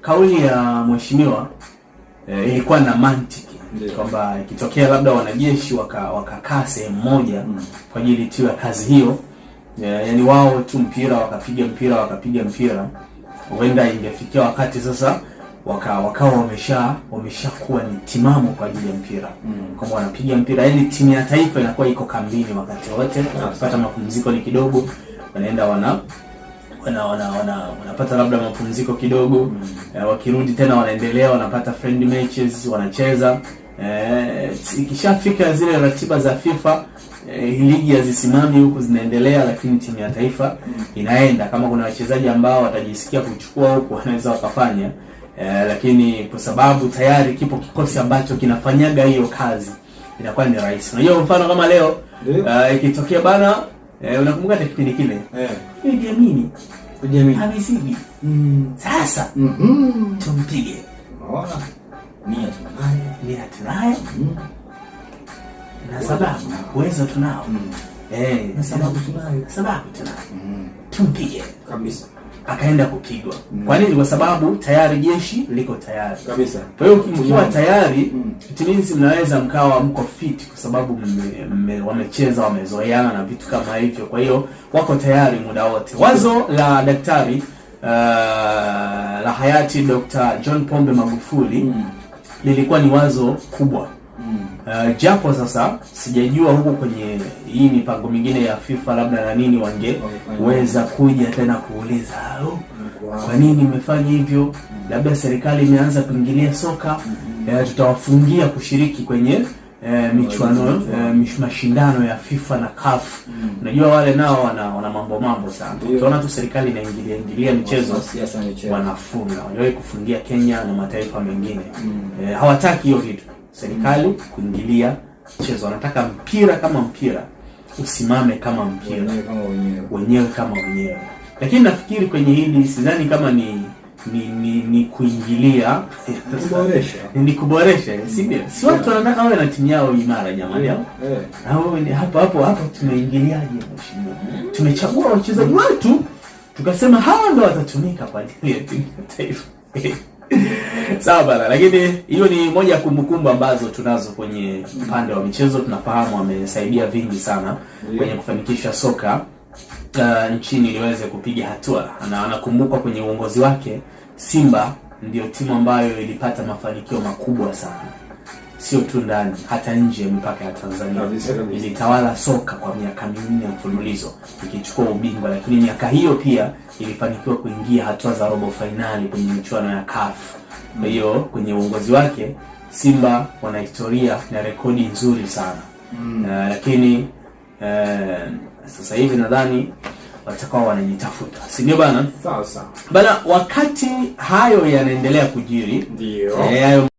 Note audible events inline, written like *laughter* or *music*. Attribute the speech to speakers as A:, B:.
A: kauli ya mheshimiwa eh, ilikuwa na mantiki kwamba ikitokea labda wanajeshi wakakaa waka sehemu moja mm. kwa ajili tu ya kazi hiyo eh, yani wao tu mpira wakapiga mpira wakapiga mpira, huenda ingefikia wakati sasa wakawa wamesha wameshakuwa ni timamu kwa ajili ya mpira mm. kwamba wanapiga mpira, yani timu ya taifa inakuwa iko kambini wakati wote, wanapata mapumziko ni kidogo, wanaenda wana wanapata wana, wana labda mapumziko kidogo mm. E, wakirudi tena wanaendelea wanapata friend matches wanacheza. eh, ikishafika zile ratiba za FIFA eh, ligi hazisimami huku zinaendelea, lakini timu ya taifa mm. inaenda. Kama kuna wachezaji ambao watajisikia kuchukua huku wanaweza wakafanya eh, lakini kwa sababu tayari kipo kikosi ambacho kinafanyaga hiyo kazi inakuwa ni rahisi. Unajua mfano kama leo eh, ikitokea uh, bana Eh, unakumbuka hata kipindi kile? Eh. Benjamin. Benjamin. Amezidi. Mm. Sasa. Mm Tumpige. Unaona?
B: Nia tunayo,
A: nia tunayo. Mm. Na sababu uwezo tunao. Mm. Eh,
B: na sababu tunayo.
A: Sababu tunayo. Mm. Tumpige. Kabisa akaenda kupigwa. Mm. Kwa nini? Kwa sababu tayari jeshi liko tayari kabisa. Kwa hiyo mm. mkiwa tayari, mm. it means mnaweza mkawa mko fit, kwa sababu wamecheza, wamezoeana na vitu kama hivyo. Kwa hiyo wako tayari muda wote. Wazo la daktari uh, la hayati Dr. John Pombe Magufuli mm. lilikuwa ni wazo kubwa Uh, japo sasa sijajua huko kwenye hii mipango mingine ya FIFA labda na nini wangeweza kuja tena kuuliza halo, kwa nini imefanya hivyo? Labda serikali imeanza kuingilia soka uh, tutawafungia kushiriki kwenye E, michuano e, mashindano ya FIFA na CAF. Unajua Wale nao wana, wana mambo mambo sana. Tunaona tu serikali inaingilia ingilia michezo wanafunga, waliwahi kufungia Kenya na mataifa mengine mm. E, hawataki hiyo kitu serikali kuingilia mchezo. Wanataka mpira kama mpira usimame kama mpira wenyewe kama wenyewe, Lakini nafikiri kwenye hili sidhani kama ni ni ni, ni kuingilia kuboresha *laughs* ni kuboresha, si watu wanataka wawe na timu yao imara jamani, Yeah. hao hapo hapo hapo. Tumeingiliaje Tumechagua wachezaji wetu tukasema hawa ndo watatumika kwa ajili ya timu ya taifa sawa bana, lakini hiyo ni moja ya kumbukumbu ambazo tunazo kwenye upande wa michezo. Tunafahamu amesaidia vingi sana kwenye kufanikisha soka uh, nchini iliweze kupiga hatua, na anakumbukwa kwenye uongozi wake. Simba ndio timu ambayo ilipata mafanikio makubwa sana, sio tu ndani, hata nje mpaka ya Tanzania. Ilitawala soka kwa miaka minne mfululizo ikichukua ubingwa, lakini miaka hiyo pia ilifanikiwa kuingia hatua za robo fainali kwenye michuano ya CAF. Kwa hiyo kwenye uongozi wake Simba wana historia na rekodi nzuri sana mm. Uh, lakini uh, sasa hivi nadhani watakuwa wanajitafuta, si ndio bana? Sawa sawa bana, wakati hayo yanaendelea kujiri,
B: ndio eh, hayo